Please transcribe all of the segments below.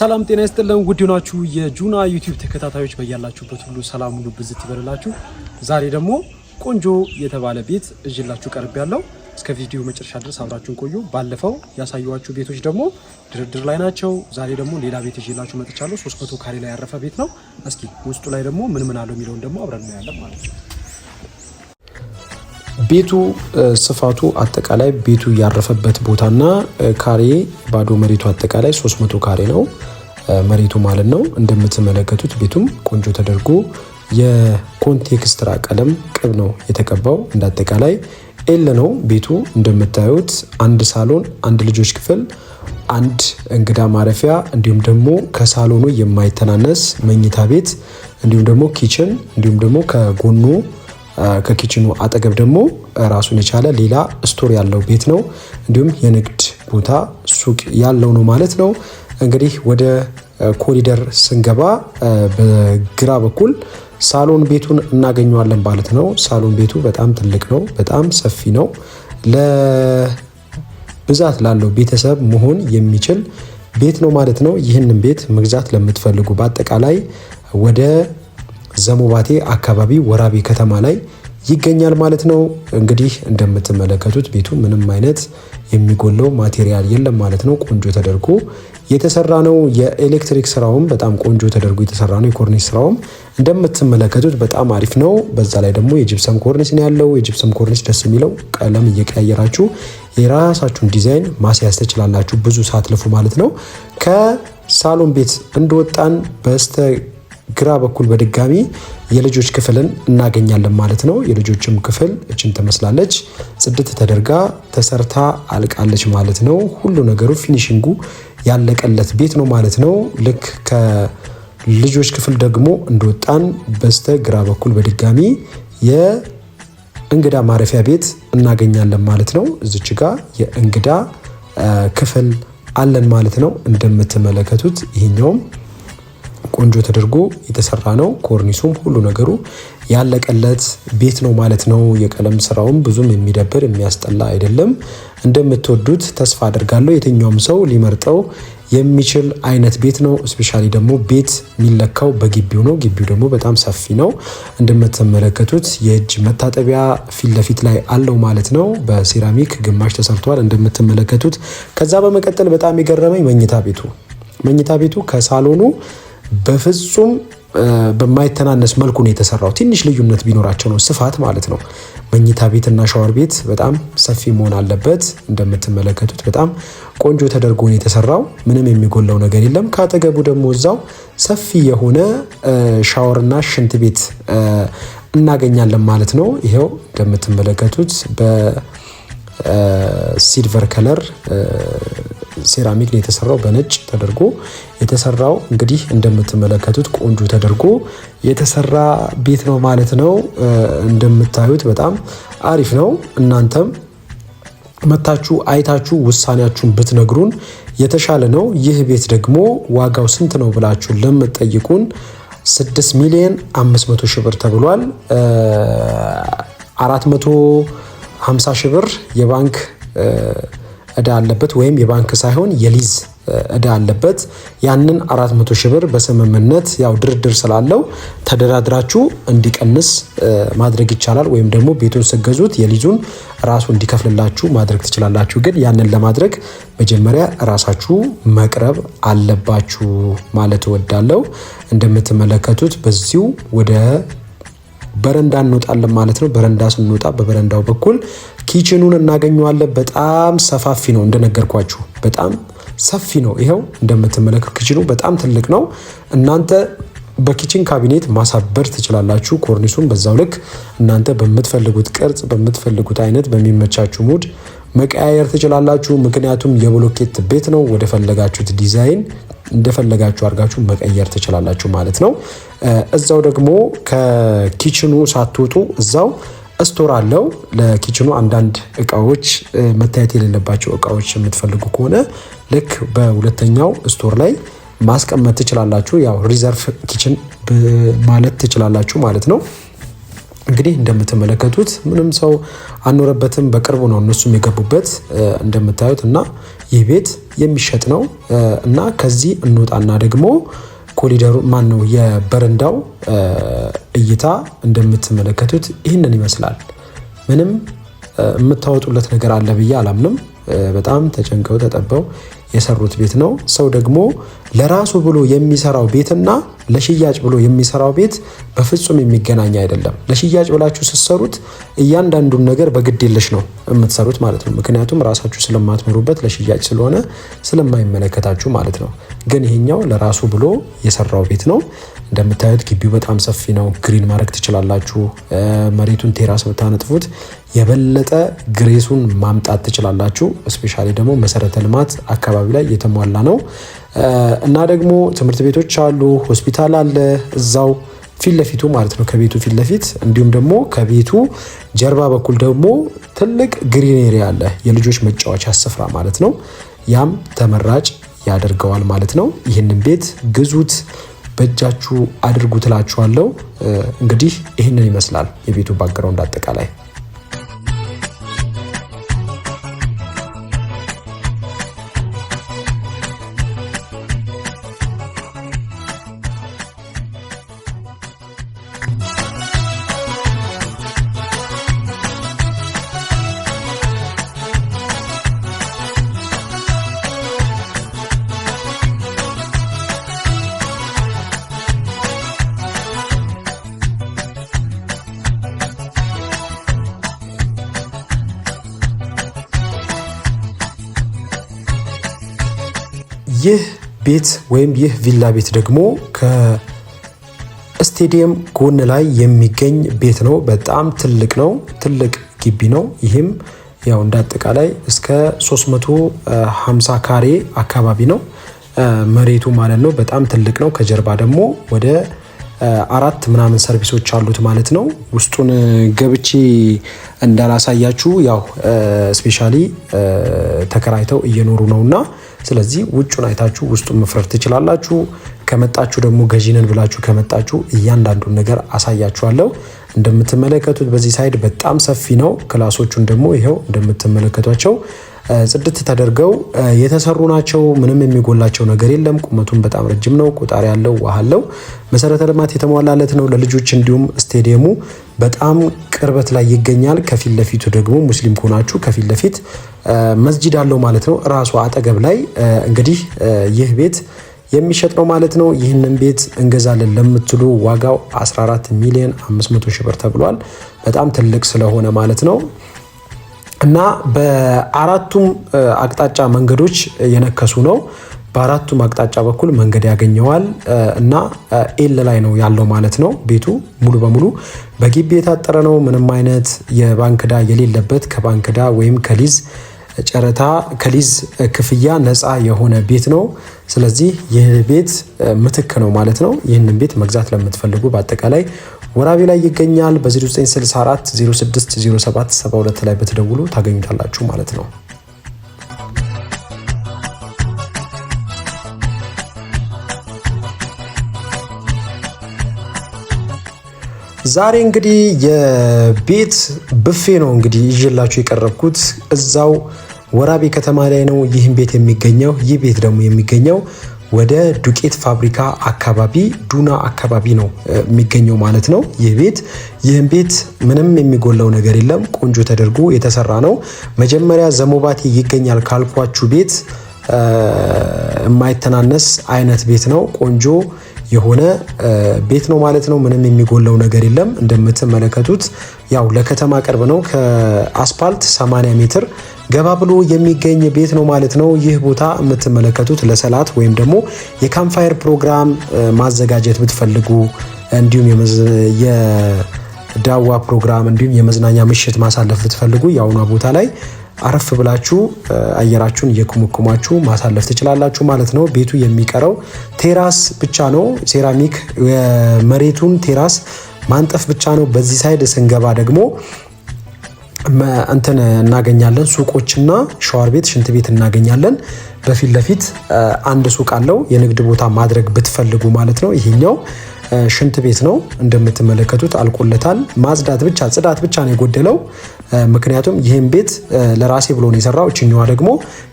ሰላም ጤና ይስጥልን። ውድ ናችሁ የጁና ዩቲዩብ ተከታታዮች በያላችሁበት ሁሉ ሰላም ሁሉ ብዝት ይበልላችሁ። ዛሬ ደግሞ ቆንጆ የተባለ ቤት እጅላችሁ ቀርብ ያለው እስከ ቪዲዮ መጨረሻ ድረስ አብራችሁን ቆዩ። ባለፈው ያሳየኋችሁ ቤቶች ደግሞ ድርድር ላይ ናቸው። ዛሬ ደግሞ ሌላ ቤት እጅላችሁ መጥቻለሁ። 300 ካሬ ላይ ያረፈ ቤት ነው። እስኪ ውስጡ ላይ ደግሞ ምን ምን አለው የሚለውን ደግሞ አብረን እናያለን ማለት ነው። ቤቱ ስፋቱ አጠቃላይ ቤቱ ያረፈበት ቦታና ካሬ ባዶ መሬቱ አጠቃላይ 300 ካሬ ነው መሬቱ ማለት ነው። እንደምትመለከቱት ቤቱም ቆንጆ ተደርጎ የኮንቴክስትራ ቀለም ቅብ ነው የተቀባው። እንዳጠቃላይ ኤል ነው ቤቱ እንደምታዩት አንድ ሳሎን፣ አንድ ልጆች ክፍል፣ አንድ እንግዳ ማረፊያ እንዲሁም ደግሞ ከሳሎኑ የማይተናነስ መኝታ ቤት እንዲሁም ደግሞ ኪችን እንዲሁም ደግሞ ከጎኑ ከኪችኑ አጠገብ ደግሞ ራሱን የቻለ ሌላ ስቶር ያለው ቤት ነው። እንዲሁም የንግድ ቦታ ሱቅ ያለው ነው ማለት ነው። እንግዲህ ወደ ኮሪደር ስንገባ በግራ በኩል ሳሎን ቤቱን እናገኘዋለን ማለት ነው። ሳሎን ቤቱ በጣም ትልቅ ነው፣ በጣም ሰፊ ነው። ለብዛት ላለው ቤተሰብ መሆን የሚችል ቤት ነው ማለት ነው። ይህንን ቤት መግዛት ለምትፈልጉ በአጠቃላይ ወደ ዘሞባቴ አካባቢ ወራቤ ከተማ ላይ ይገኛል ማለት ነው። እንግዲህ እንደምትመለከቱት ቤቱ ምንም አይነት የሚጎለው ማቴሪያል የለም ማለት ነው። ቆንጆ ተደርጎ የተሰራ ነው። የኤሌክትሪክ ስራውም በጣም ቆንጆ ተደርጎ የተሰራ ነው። የኮርኒስ ስራውም እንደምትመለከቱት በጣም አሪፍ ነው። በዛ ላይ ደግሞ የጅብሰም ኮርኒስ ነው ያለው። የጅብሰም ኮርኒስ ደስ የሚለው ቀለም እየቀያየራችሁ የራሳችሁን ዲዛይን ማስያዝ ትችላላችሁ፣ ብዙ ሳትለፉ ማለት ነው። ከሳሎን ቤት እንደወጣን በስተ ግራ በኩል በድጋሚ የልጆች ክፍልን እናገኛለን ማለት ነው። የልጆችም ክፍል እችን ትመስላለች። ጽድት ተደርጋ ተሰርታ አልቃለች ማለት ነው። ሁሉ ነገሩ ፊኒሽንጉ ያለቀለት ቤት ነው ማለት ነው። ልክ ከልጆች ክፍል ደግሞ እንደወጣን በስተ ግራ በኩል በድጋሚ የእንግዳ ማረፊያ ቤት እናገኛለን ማለት ነው። እዚች ጋ የእንግዳ ክፍል አለን ማለት ነው። እንደምትመለከቱት ይህኛውም ቆንጆ ተደርጎ የተሰራ ነው። ኮርኒሱም ሁሉ ነገሩ ያለቀለት ቤት ነው ማለት ነው። የቀለም ስራውም ብዙም የሚደብር የሚያስጠላ አይደለም። እንደምትወዱት ተስፋ አድርጋለሁ። የትኛውም ሰው ሊመርጠው የሚችል አይነት ቤት ነው። እስፔሻሊ ደግሞ ቤት የሚለካው በግቢው ነው። ግቢው ደግሞ በጣም ሰፊ ነው። እንደምትመለከቱት የእጅ መታጠቢያ ፊት ለፊት ላይ አለው ማለት ነው። በሴራሚክ ግማሽ ተሰርቷል እንደምትመለከቱት። ከዛ በመቀጠል በጣም የገረመኝ መኝታ ቤቱ መኝታ ቤቱ ከሳሎኑ በፍጹም በማይተናነስ መልኩ ነው የተሰራው። ትንሽ ልዩነት ቢኖራቸው ነው ስፋት ማለት ነው። መኝታ ቤትና ሻወር ቤት በጣም ሰፊ መሆን አለበት። እንደምትመለከቱት በጣም ቆንጆ ተደርጎ ነው የተሰራው። ምንም የሚጎለው ነገር የለም። ከአጠገቡ ደግሞ እዛው ሰፊ የሆነ ሻወርና ሽንት ቤት እናገኛለን ማለት ነው። ይሄው እንደምትመለከቱት በሲልቨር ከለር ሴራሚክ ነው የተሰራው በነጭ ተደርጎ የተሰራው እንግዲህ እንደምትመለከቱት ቆንጆ ተደርጎ የተሰራ ቤት ነው ማለት ነው። እንደምታዩት በጣም አሪፍ ነው። እናንተም መታችሁ አይታችሁ ውሳኔያችሁን ብትነግሩን የተሻለ ነው። ይህ ቤት ደግሞ ዋጋው ስንት ነው ብላችሁ ለምትጠይቁን 6 ሚሊዮን 500 ሺህ ብር ተብሏል። 450 ሺህ ብር የባንክ እዳ አለበት ወይም የባንክ ሳይሆን የሊዝ እዳ አለበት። ያንን አራት ሺህ ብር በስምምነት ያው ድርድር ስላለው ተደራድራችሁ እንዲቀንስ ማድረግ ይቻላል። ወይም ደግሞ ቤቱን ስገዙት የሊዙን ራሱ እንዲከፍልላችሁ ማድረግ ትችላላችሁ። ግን ያንን ለማድረግ መጀመሪያ ራሳችሁ መቅረብ አለባችሁ ማለት እወዳለሁ። እንደምትመለከቱት በዚሁ ወደ በረንዳ እንወጣለን ማለት ነው። በረንዳ ስንወጣ በበረንዳው በኩል ኪችኑን እናገኘዋለን። በጣም ሰፋፊ ነው እንደነገርኳችሁ፣ በጣም ሰፊ ነው። ይኸው እንደምትመለከቱ ኪችኑ በጣም ትልቅ ነው። እናንተ በኪችን ካቢኔት ማሳበር ትችላላችሁ። ኮርኒሱን በዛው ልክ እናንተ በምትፈልጉት ቅርጽ፣ በምትፈልጉት አይነት፣ በሚመቻችሁ ሙድ መቀያየር ትችላላችሁ። ምክንያቱም የብሎኬት ቤት ነው። ወደ ፈለጋችሁት ዲዛይን እንደፈለጋችሁ አድርጋችሁ መቀየር ትችላላችሁ ማለት ነው። እዛው ደግሞ ከኪችኑ ሳትወጡ እዛው ስቶር አለው ለኪችኑ አንዳንድ እቃዎች መታየት የሌለባቸው እቃዎች የምትፈልጉ ከሆነ ልክ በሁለተኛው ስቶር ላይ ማስቀመጥ ትችላላችሁ። ያው ሪዘርቭ ኪችን ማለት ትችላላችሁ ማለት ነው። እንግዲህ እንደምትመለከቱት ምንም ሰው አኖረበትም። በቅርቡ ነው እነሱም የገቡበት እንደምታዩት እና ይህ ቤት የሚሸጥ ነው እና ከዚህ እንውጣና ደግሞ ኮሊደሩ ማን ነው የበረንዳው እይታ እንደምትመለከቱት ይህንን ይመስላል። ምንም የምታወጡለት ነገር አለ ብዬ አላምንም። በጣም ተጨንቀው ተጠበው የሰሩት ቤት ነው። ሰው ደግሞ ለራሱ ብሎ የሚሰራው ቤትና ለሽያጭ ብሎ የሚሰራው ቤት በፍጹም የሚገናኝ አይደለም። ለሽያጭ ብላችሁ ስትሰሩት እያንዳንዱን ነገር በግዴለሽ ነው የምትሰሩት ማለት ነው። ምክንያቱም ራሳችሁ ስለማትኖሩበት ለሽያጭ ስለሆነ ስለማይመለከታችሁ ማለት ነው። ግን ይሄኛው ለራሱ ብሎ የሰራው ቤት ነው። እንደምታዩት ግቢው በጣም ሰፊ ነው። ግሪን ማድረግ ትችላላችሁ። መሬቱን ቴራስ ብታነጥፉት የበለጠ ግሬሱን ማምጣት ትችላላችሁ። እስፔሻሊ ደግሞ መሰረተ ልማት አካባቢ ላይ የተሟላ ነው እና ደግሞ ትምህርት ቤቶች አሉ፣ ሆስፒታል አለ እዛው ፊት ለፊቱ ማለት ነው። ከቤቱ ፊት ለፊት እንዲሁም ደግሞ ከቤቱ ጀርባ በኩል ደግሞ ትልቅ ግሪኔሪ አለ፣ የልጆች መጫወቻ ስፍራ ማለት ነው። ያም ተመራጭ ያደርገዋል ማለት ነው። ይህንን ቤት ግዙት፣ በእጃችሁ አድርጉ ትላችኋለሁ። እንግዲህ ይህንን ይመስላል የቤቱ ባገረው እንዳጠቃላይ። ይህ ቤት ወይም ይህ ቪላ ቤት ደግሞ ከስቴዲየም ጎን ላይ የሚገኝ ቤት ነው። በጣም ትልቅ ነው። ትልቅ ግቢ ነው። ይህም ያው እንደ አጠቃላይ እስከ 350 ካሬ አካባቢ ነው መሬቱ ማለት ነው። በጣም ትልቅ ነው። ከጀርባ ደግሞ ወደ አራት ምናምን ሰርቪሶች አሉት ማለት ነው። ውስጡን ገብቼ እንዳላሳያችሁ ያው ስፔሻሊ ተከራይተው እየኖሩ ነው እና ስለዚህ ውጩን አይታችሁ ውስጡን መፍረድ ትችላላችሁ። ከመጣችሁ ደግሞ ገዢነን ብላችሁ ከመጣችሁ እያንዳንዱን ነገር አሳያችኋለሁ። እንደምትመለከቱት በዚህ ሳይድ በጣም ሰፊ ነው። ክላሶቹን ደግሞ ይኸው እንደምትመለከቷቸው ጽድት ተደርገው የተሰሩ ናቸው። ምንም የሚጎላቸው ነገር የለም። ቁመቱን በጣም ረጅም ነው። ቁጣሪ ያለው ውሃ አለው። መሰረተ ልማት የተሟላለት ነው ለልጆች። እንዲሁም ስቴዲየሙ በጣም ቅርበት ላይ ይገኛል። ከፊት ለፊቱ ደግሞ ሙስሊም ከሆናችሁ ከፊት ለፊት መስጂድ አለው ማለት ነው። ራሱ አጠገብ ላይ እንግዲህ ይህ ቤት የሚሸጥ ነው ማለት ነው። ይህንን ቤት እንገዛለን ለምትሉ ዋጋው 14 ሚሊዮን 500 ሺህ ብር ተብሏል። በጣም ትልቅ ስለሆነ ማለት ነው። እና በአራቱም አቅጣጫ መንገዶች የነከሱ ነው። በአራቱም አቅጣጫ በኩል መንገድ ያገኘዋል እና ኤል ላይ ነው ያለው ማለት ነው። ቤቱ ሙሉ በሙሉ በግቢ የታጠረ ነው። ምንም አይነት የባንክ ዕዳ የሌለበት ከባንክ ዕዳ ወይም ከሊዝ ጨረታ ከሊዝ ክፍያ ነፃ የሆነ ቤት ነው። ስለዚህ ይህ ቤት ምትክ ነው ማለት ነው። ይህንን ቤት መግዛት ለምትፈልጉ በአጠቃላይ ወራቤ ላይ ይገኛል። በ0964 06 ላይ በተደውሉ ታገኙታላችሁ ማለት ነው። ዛሬ እንግዲህ የቤት ብፌ ነው እንግዲህ ይዤላችሁ የቀረብኩት እዛው ወራቤ ከተማ ላይ ነው ይህም ቤት የሚገኘው። ይህ ቤት ደግሞ የሚገኘው ወደ ዱቄት ፋብሪካ አካባቢ ዱና አካባቢ ነው የሚገኘው ማለት ነው ይህ ቤት። ይህም ቤት ምንም የሚጎለው ነገር የለም፣ ቆንጆ ተደርጎ የተሰራ ነው። መጀመሪያ ዘሞባቴ ይገኛል ካልኳችሁ ቤት የማይተናነስ አይነት ቤት ነው። ቆንጆ የሆነ ቤት ነው ማለት ነው። ምንም የሚጎለው ነገር የለም። እንደምትመለከቱት ያው ለከተማ ቅርብ ነው። ከአስፓልት 80 ሜትር ገባ ብሎ የሚገኝ ቤት ነው ማለት ነው። ይህ ቦታ የምትመለከቱት ለሰላት ወይም ደግሞ የካምፋየር ፕሮግራም ማዘጋጀት ብትፈልጉ እንዲሁም የዳዋ ፕሮግራም እንዲሁም የመዝናኛ ምሽት ማሳለፍ ብትፈልጉ የአሁኗ ቦታ ላይ አረፍ ብላችሁ አየራችሁን እየኮመኮማችሁ ማሳለፍ ትችላላችሁ ማለት ነው። ቤቱ የሚቀረው ቴራስ ብቻ ነው። ሴራሚክ የመሬቱን ቴራስ ማንጠፍ ብቻ ነው። በዚህ ሳይድ ስንገባ ደግሞ እንትን እናገኛለን። ሱቆችና ሻወር ቤት፣ ሽንት ቤት እናገኛለን። በፊት ለፊት አንድ ሱቅ አለው። የንግድ ቦታ ማድረግ ብትፈልጉ ማለት ነው። ይሄኛው ሽንት ቤት ነው እንደምትመለከቱት አልቆለታል። ማጽዳት ብቻ ጽዳት ብቻ ነው የጎደለው። ምክንያቱም ይህም ቤት ለራሴ ብሎ ነው የሰራው። እችኛዋ ደግሞ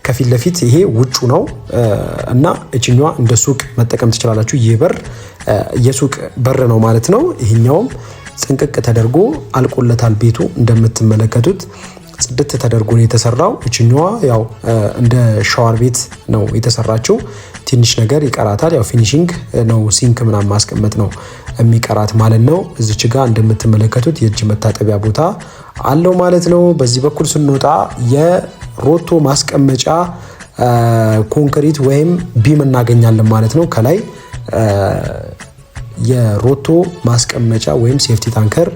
ከፊት ለፊት ይሄ ውጩ ነው እና እችኛዋ እንደ ሱቅ መጠቀም ትችላላችሁ። ይህ በር የሱቅ በር ነው ማለት ነው። ይሄኛውም ጥንቅቅ ተደርጎ አልቆለታል ቤቱ እንደምትመለከቱት ጽድት ተደርጎ ነው የተሰራው። እችኛዋ ያው እንደ ሻወር ቤት ነው የተሰራችው። ትንሽ ነገር ይቀራታል። ያው ፊኒሽንግ ነው ሲንክ ምናምን ማስቀመጥ ነው የሚቀራት ማለት ነው። እዚች ጋር እንደምትመለከቱት የእጅ መታጠቢያ ቦታ አለው ማለት ነው። በዚህ በኩል ስንወጣ የሮቶ ማስቀመጫ ኮንክሪት ወይም ቢም እናገኛለን ማለት ነው ከላይ የሮቶ ማስቀመጫ ወይም ሴፍቲ ታንከር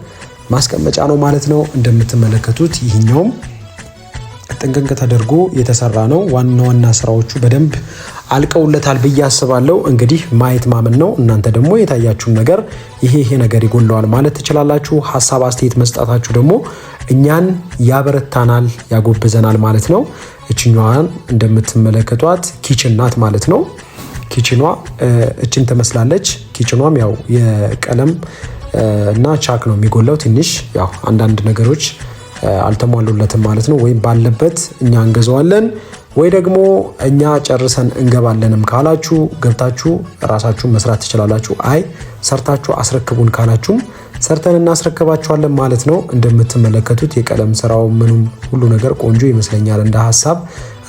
ማስቀመጫ ነው ማለት ነው። እንደምትመለከቱት ይህኛውም ጥንቅንቅ ተደርጎ የተሰራ ነው። ዋና ዋና ስራዎቹ በደንብ አልቀውለታል ብዬ አስባለሁ። እንግዲህ ማየት ማመን ነው። እናንተ ደግሞ የታያችሁን ነገር ይሄ ይሄ ነገር ይጎለዋል ማለት ትችላላችሁ። ሀሳብ አስተያየት መስጣታችሁ ደግሞ እኛን ያበረታናል፣ ያጎብዘናል ማለት ነው። እችኛዋን እንደምትመለከቷት ኪችን ናት ማለት ነው። ኪችኗ እችን ትመስላለች። ኪችኗም ያው የቀለም እና ቻክ ነው የሚጎላው። ትንሽ ያው አንዳንድ ነገሮች አልተሟሉለትም ማለት ነው። ወይም ባለበት እኛ እንገዛዋለን ወይ ደግሞ እኛ ጨርሰን እንገባለንም ካላችሁ ገብታችሁ ራሳችሁን መስራት ትችላላችሁ። አይ ሰርታችሁ አስረክቡን ካላችሁም ሰርተን እናስረክባችኋለን ማለት ነው። እንደምትመለከቱት የቀለም ስራው ምኑም ሁሉ ነገር ቆንጆ ይመስለኛል እንደ ሀሳብ።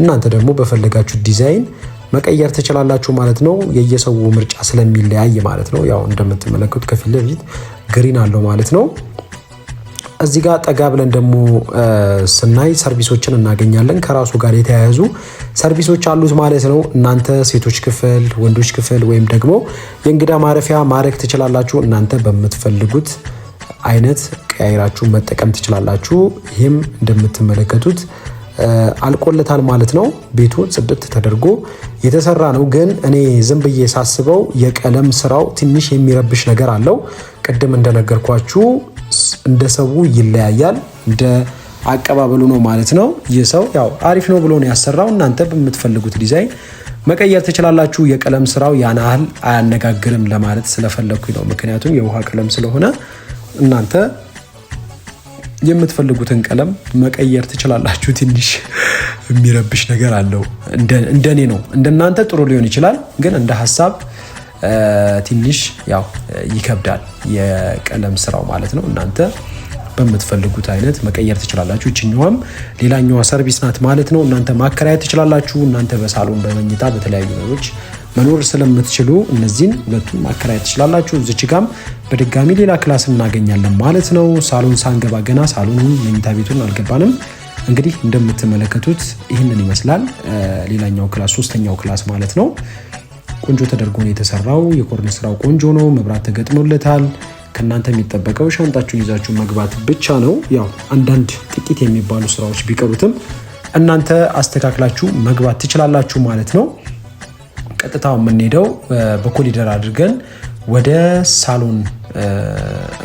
እናንተ ደግሞ በፈለጋችሁ ዲዛይን መቀየር ትችላላችሁ ማለት ነው። የየሰው ምርጫ ስለሚለያይ ማለት ነው። ያው እንደምትመለከቱት ከፊት ለፊት ግሪን አለው ማለት ነው። እዚህ ጋር ጠጋ ብለን ደግሞ ስናይ ሰርቪሶችን እናገኛለን። ከራሱ ጋር የተያያዙ ሰርቪሶች አሉት ማለት ነው። እናንተ ሴቶች ክፍል፣ ወንዶች ክፍል ወይም ደግሞ የእንግዳ ማረፊያ ማድረግ ትችላላችሁ። እናንተ በምትፈልጉት አይነት ቀያይራችሁ መጠቀም ትችላላችሁ። ይህም እንደምትመለከቱት አልቆለታል ማለት ነው። ቤቱ ጽድት ተደርጎ የተሰራ ነው። ግን እኔ ዝም ብዬ ሳስበው የቀለም ስራው ትንሽ የሚረብሽ ነገር አለው። ቅድም እንደነገርኳችሁ እንደ ሰው ይለያያል፣ እንደ አቀባበሉ ነው ማለት ነው። ይህ ሰው ያው አሪፍ ነው ብሎ ነው ያሰራው። እናንተ በምትፈልጉት ዲዛይን መቀየር ትችላላችሁ። የቀለም ስራው ያን ያህል አያነጋግርም ለማለት ስለፈለግኩኝ ነው። ምክንያቱም የውሃ ቀለም ስለሆነ እናንተ የምትፈልጉትን ቀለም መቀየር ትችላላችሁ። ትንሽ የሚረብሽ ነገር አለው። እንደኔ ነው። እንደናንተ ጥሩ ሊሆን ይችላል፣ ግን እንደ ሀሳብ ትንሽ ያው ይከብዳል የቀለም ስራው ማለት ነው። እናንተ በምትፈልጉት አይነት መቀየር ትችላላችሁ። ይችኛዋም ሌላኛዋ ሰርቪስ ናት ማለት ነው። እናንተ ማከራየት ትችላላችሁ። እናንተ በሳሎን በመኝታ በተለያዩ ነገሮች መኖር ስለምትችሉ እነዚህን ሁለቱን ማከራየት ትችላላችሁ። እዚች ጋም በድጋሚ ሌላ ክላስ እናገኛለን ማለት ነው። ሳሎን ሳንገባ ገና ሳሎኑ መኝታ ቤቱን አልገባንም። እንግዲህ እንደምትመለከቱት ይህንን ይመስላል። ሌላኛው ክላስ ሶስተኛው ክላስ ማለት ነው። ቆንጆ ተደርጎ ነው የተሰራው። የኮርን ስራው ቆንጆ ነው። መብራት ተገጥሞለታል። ከእናንተ የሚጠበቀው ሻንጣችሁን ይዛችሁ መግባት ብቻ ነው። ያው አንዳንድ ጥቂት የሚባሉ ስራዎች ቢቀሩትም እናንተ አስተካክላችሁ መግባት ትችላላችሁ ማለት ነው። ቀጥታ የምንሄደው በኮሊደር አድርገን ወደ ሳሎን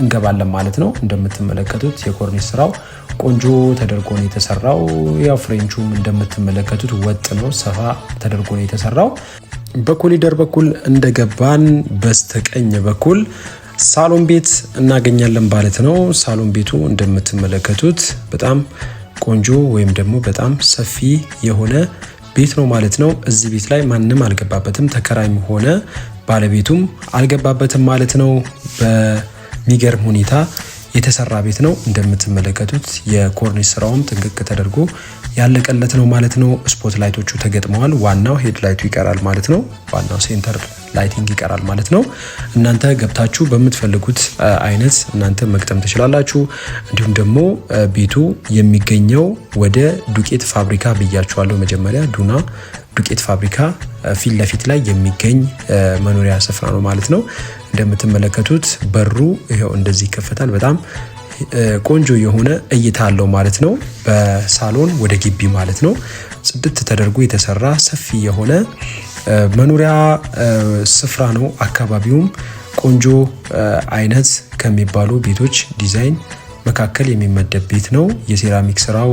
እንገባለን ማለት ነው። እንደምትመለከቱት የኮርኒስ ስራው ቆንጆ ተደርጎ ነው የተሰራው። ያው ፍሬንቹም እንደምትመለከቱት ወጥ ነው፣ ሰፋ ተደርጎ ነው የተሰራው። በኮሊደር በኩል እንደገባን በስተቀኝ በኩል ሳሎን ቤት እናገኛለን ማለት ነው። ሳሎን ቤቱ እንደምትመለከቱት በጣም ቆንጆ ወይም ደግሞ በጣም ሰፊ የሆነ ቤት ነው ማለት ነው። እዚህ ቤት ላይ ማንም አልገባበትም፣ ተከራይም ሆነ ባለቤቱም አልገባበትም ማለት ነው። በሚገርም ሁኔታ የተሰራ ቤት ነው። እንደምትመለከቱት የኮርኒስ ስራውም ጥንቅቅ ተደርጎ ያለቀለት ነው ማለት ነው። ስፖት ላይቶቹ ተገጥመዋል። ዋናው ሄድ ላይቱ ይቀራል ማለት ነው። ዋናው ሴንተር ላይቲንግ ይቀራል ማለት ነው። እናንተ ገብታችሁ በምትፈልጉት አይነት እናንተ መግጠም ትችላላችሁ። እንዲሁም ደግሞ ቤቱ የሚገኘው ወደ ዱቄት ፋብሪካ ብያችኋለሁ መጀመሪያ ዱና ዱቄት ፋብሪካ ፊት ለፊት ላይ የሚገኝ መኖሪያ ስፍራ ነው ማለት ነው። እንደምትመለከቱት በሩ ይኸው እንደዚህ ይከፈታል። በጣም ቆንጆ የሆነ እይታ አለው ማለት ነው። በሳሎን ወደ ግቢ ማለት ነው። ጽድት ተደርጎ የተሰራ ሰፊ የሆነ መኖሪያ ስፍራ ነው። አካባቢውም ቆንጆ አይነት ከሚባሉ ቤቶች ዲዛይን መካከል የሚመደብ ቤት ነው። የሴራሚክ ስራው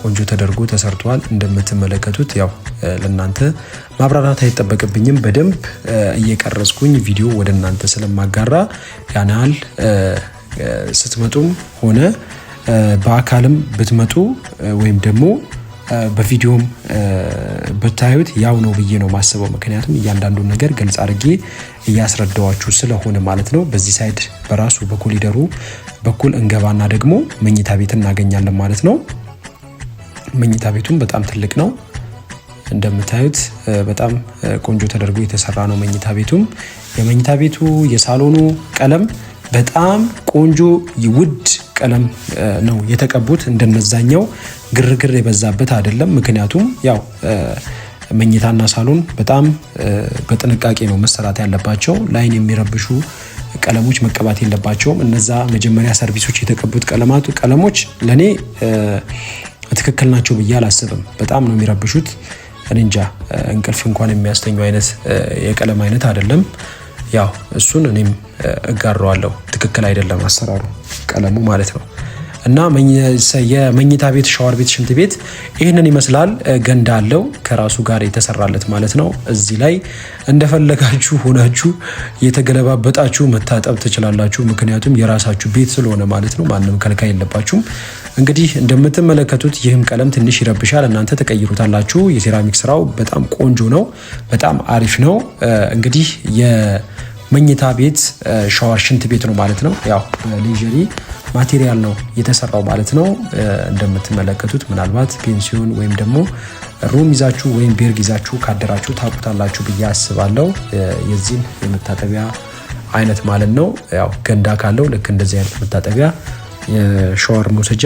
ቆንጆ ተደርጎ ተሰርቷል። እንደምትመለከቱት ያው ለእናንተ ማብራራት አይጠበቅብኝም። በደንብ እየቀረጽኩኝ ቪዲዮ ወደ እናንተ ስለማጋራ ያን ያህል ስትመጡም ሆነ በአካልም ብትመጡ ወይም ደግሞ በቪዲዮም ብታዩት ያው ነው ብዬ ነው ማስበው። ምክንያቱም እያንዳንዱን ነገር ግልጽ አድርጌ እያስረዳዋችሁ ስለሆነ ማለት ነው። በዚህ ሳይድ በራሱ በኮሊደሩ በኩል እንገባና ደግሞ መኝታ ቤት እናገኛለን ማለት ነው። መኝታ ቤቱም በጣም ትልቅ ነው። እንደምታዩት በጣም ቆንጆ ተደርጎ የተሰራ ነው መኝታ ቤቱም። የመኝታ ቤቱ የሳሎኑ ቀለም በጣም ቆንጆ ውድ ቀለም ነው የተቀቡት። እንደነዛኛው ግርግር የበዛበት አይደለም። ምክንያቱም ያው መኝታና ሳሎን በጣም በጥንቃቄ ነው መሰራት ያለባቸው። ላይን የሚረብሹ ቀለሞች መቀባት የለባቸውም። እነዛ መጀመሪያ ሰርቪሶች የተቀቡት ቀለማቱ ቀለሞች ለእኔ ትክክል ናቸው ብዬ አላስብም። በጣም ነው የሚረብሹት። እንጃ እንቅልፍ እንኳን የሚያስተኙ አይነት የቀለም አይነት አይደለም። ያው እሱን እኔም እጋረዋለሁ። ትክክል አይደለም አሰራሩ፣ ቀለሙ ማለት ነው። እና የመኝታ ቤት ሻወር ቤት ሽንት ቤት ይህንን ይመስላል። ገንዳ አለው ከራሱ ጋር የተሰራለት ማለት ነው። እዚህ ላይ እንደፈለጋችሁ ሆናችሁ የተገለባበጣችሁ መታጠብ ትችላላችሁ። ምክንያቱም የራሳችሁ ቤት ስለሆነ ማለት ነው። ማንም ከልካይ የለባችሁም። እንግዲህ እንደምትመለከቱት ይህም ቀለም ትንሽ ይረብሻል። እናንተ ተቀይሩታላችሁ። የሴራሚክ ስራው በጣም ቆንጆ ነው። በጣም አሪፍ ነው። እንግዲህ መኝታ ቤት ሻወር ሽንት ቤት ነው ማለት ነው። ያው ሌጀሪ ማቴሪያል ነው የተሰራው ማለት ነው። እንደምትመለከቱት ምናልባት ፔንሲዮን ወይም ደግሞ ሩም ይዛችሁ ወይም ቤርግ ይዛችሁ ካደራችሁ ታቁታላችሁ ብዬ አስባለሁ። የዚህን የመታጠቢያ አይነት ማለት ነው። ያው ገንዳ ካለው ልክ እንደዚህ አይነት መታጠቢያ የሻወር መውሰጃ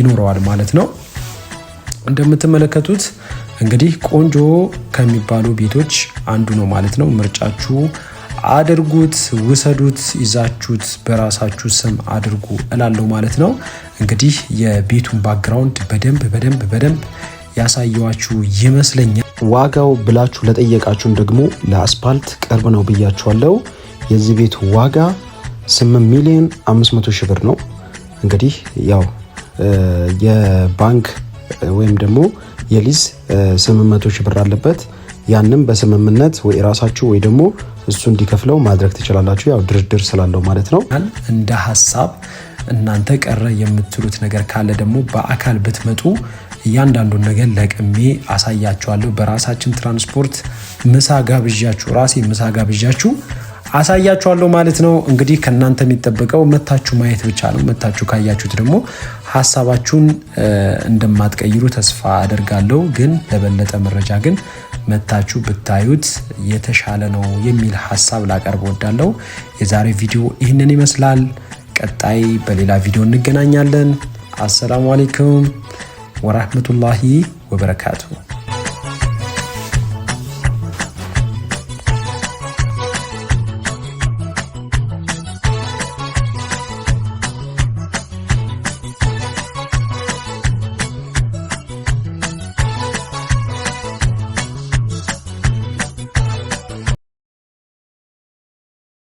ይኖረዋል ማለት ነው። እንደምትመለከቱት እንግዲህ ቆንጆ ከሚባሉ ቤቶች አንዱ ነው ማለት ነው። ምርጫችሁ አድርጉት፣ ውሰዱት፣ ይዛችሁት በራሳችሁ ስም አድርጉ እላለሁ ማለት ነው። እንግዲህ የቤቱን ባክግራውንድ በደንብ በደንብ በደንብ ያሳየዋችሁ ይመስለኛል። ዋጋው ብላችሁ ለጠየቃችሁም ደግሞ ለአስፓልት ቅርብ ነው ብያችኋለሁ። የዚህ ቤት ዋጋ 8 ሚሊዮን 500 ሺህ ብር ነው። እንግዲህ ያው የባንክ ወይም ደግሞ የሊዝ 800 ሺህ ብር አለበት። ያንም በስምምነት ወይ ራሳችሁ ወይ ደግሞ እሱ እንዲከፍለው ማድረግ ትችላላችሁ። ያው ድርድር ስላለው ማለት ነው። እንደ ሀሳብ እናንተ ቀረ የምትሉት ነገር ካለ ደግሞ በአካል ብትመጡ እያንዳንዱን ነገር ለቅሜ አሳያችኋለሁ። በራሳችን ትራንስፖርት ምሳ ጋብዣችሁ ራሴ ምሳ ጋብዣችሁ አሳያችኋለሁ ማለት ነው። እንግዲህ ከእናንተ የሚጠበቀው መታችሁ ማየት ብቻ ነው። መታችሁ ካያችሁት ደግሞ ሀሳባችሁን እንደማትቀይሩ ተስፋ አደርጋለሁ። ግን ለበለጠ መረጃ ግን መታችሁ ብታዩት የተሻለ ነው የሚል ሀሳብ ላቀርብ ወዳለው። የዛሬ ቪዲዮ ይህንን ይመስላል። ቀጣይ በሌላ ቪዲዮ እንገናኛለን። አሰላሙ አሌይኩም ወራህመቱላሂ ወበረካቱ።